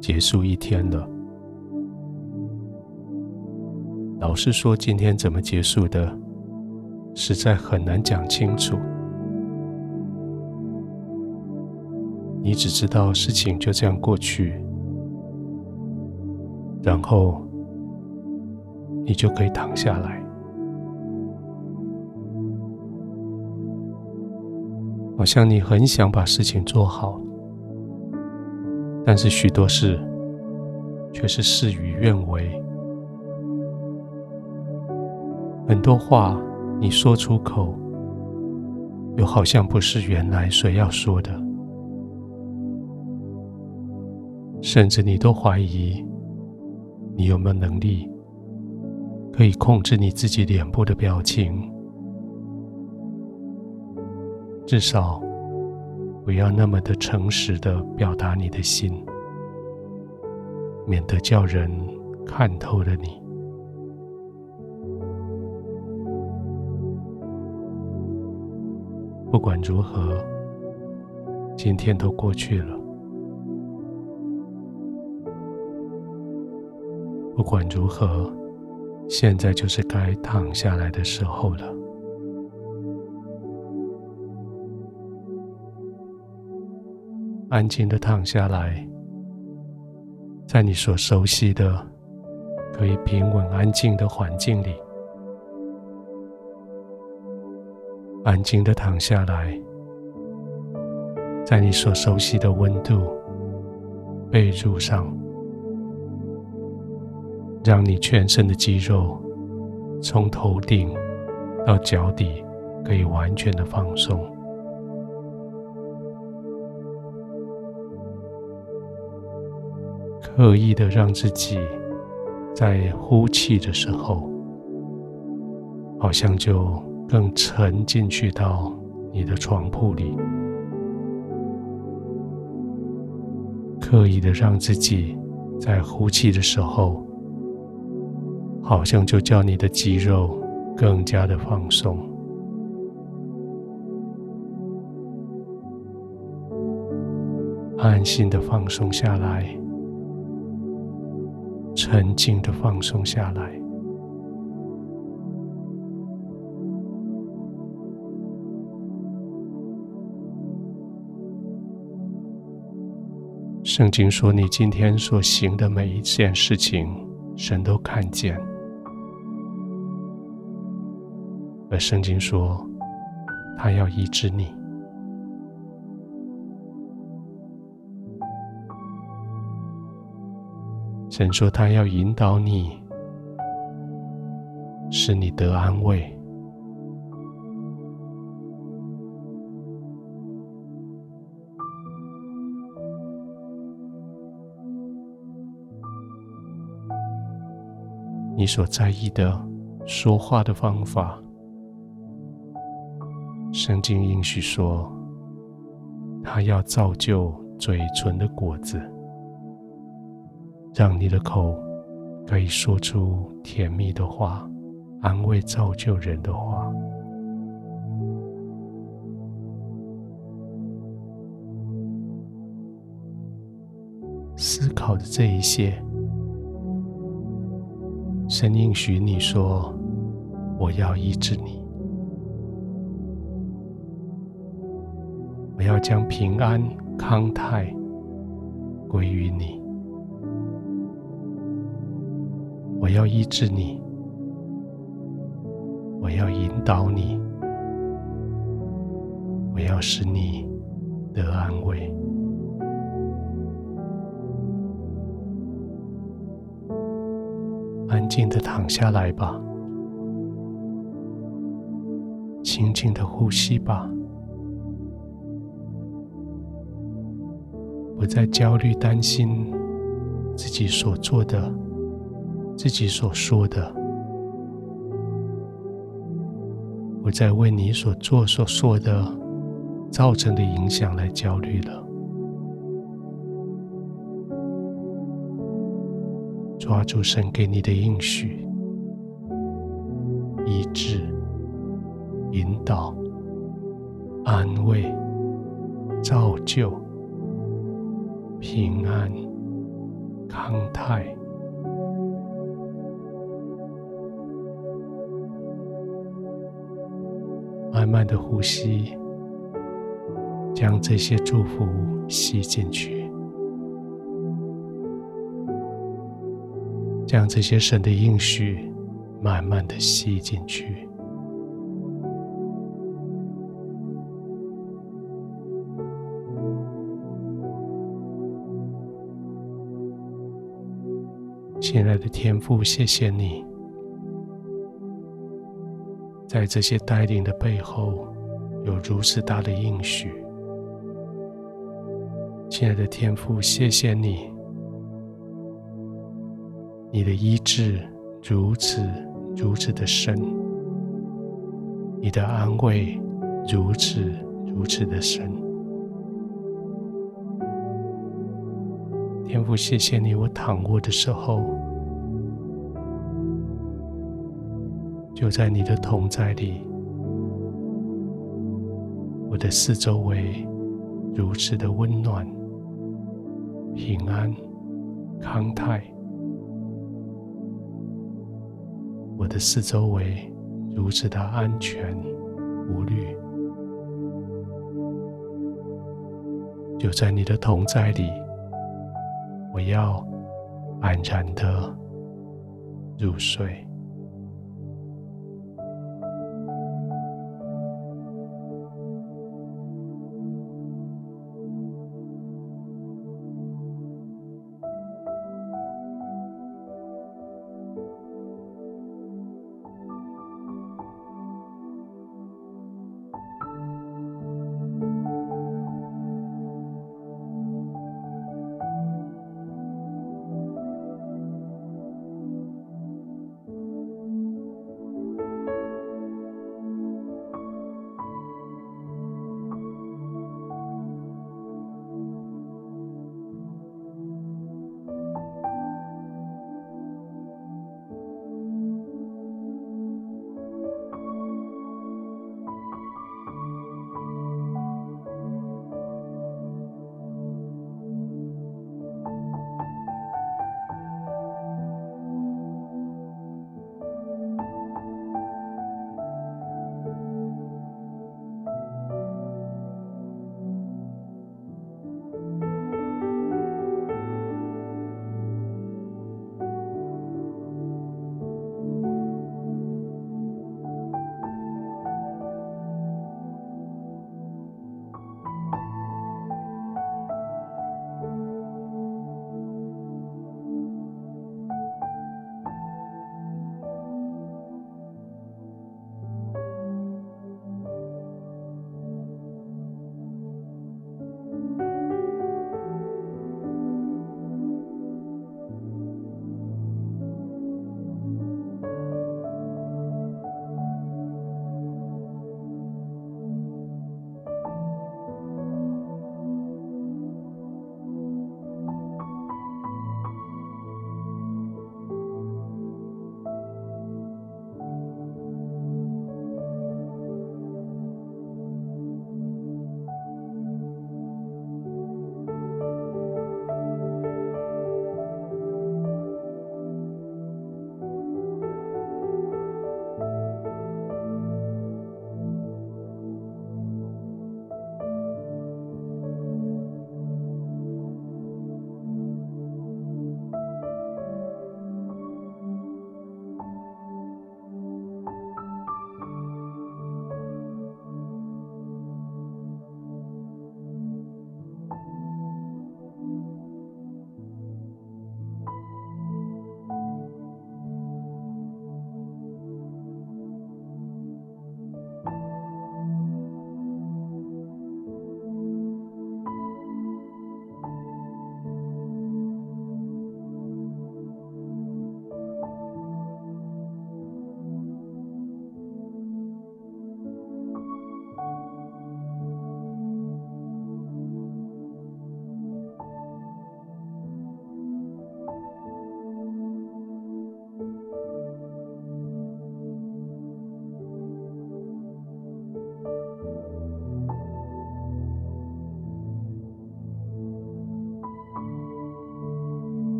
結束一天了。老實說，今天怎麼結束的，實在很難講清楚。你只知道事情就這樣過去，然後你就可以躺下來。好像你很想把事情做好。但是許多事卻是事與願違，很多話你說出口，又好像不是原來所要說的，甚至你都懷疑你有沒有能力可以控制你自己臉部的表情，至少。不要那麼的誠實的表達你的心，免得叫人看透了你。不管如何，今天都過去了。不管如何，現在就是該躺下來的時候了。安靜地躺下來，在你所熟悉的、可以平穩安靜的環境裡，安靜地躺下來，在你所熟悉的溫度被褥上，讓你全身的肌肉從頭頂到腳底可以完全的放鬆。刻意的讓自己在呼氣的時候，好像就更沉進去到你的床鋪裡。刻意的讓自己在呼氣的時候，好像就叫你的肌肉更加的放鬆，安心的放鬆下來。沉靜的放鬆下來。聖經說：“你今天所行的每一件事情，神都看見。”而聖經說：“他要醫治你。”神說：“他要引導你，使你得安慰。你所在意的說話的方法，聖經應許說，他要造就嘴唇的果子。”讓你的口可以說出甜蜜的話，安慰造就人的話。思考的這一些，神應許你說：“我要醫治你，我要將平安康泰歸於你。”我要醫治你，我要引導你，我要使你得安慰。安靜的躺下來吧，輕輕的呼吸吧，不再焦慮擔心自己所做的。自己所說的，不再為你所做所說的造成的影響來焦慮了。抓住神給你的應許，醫治、引導、安慰、造就、平安、康泰。慢慢的呼吸，將這些祝福吸進去，將這些神的應許慢慢的吸進去。親愛的天父，謝謝你。在這些帶領的背後，有如此大的應許。親愛的天父，謝謝你，你的醫治如此如此的深，你的安慰如此如此的深。天父，謝謝你，我躺臥的時候。就在你的同在裡，我的四周圍如此的溫暖、平安、康泰；我的四周圍如此的安全、無慮。就在你的同在裡，我要安然的入睡。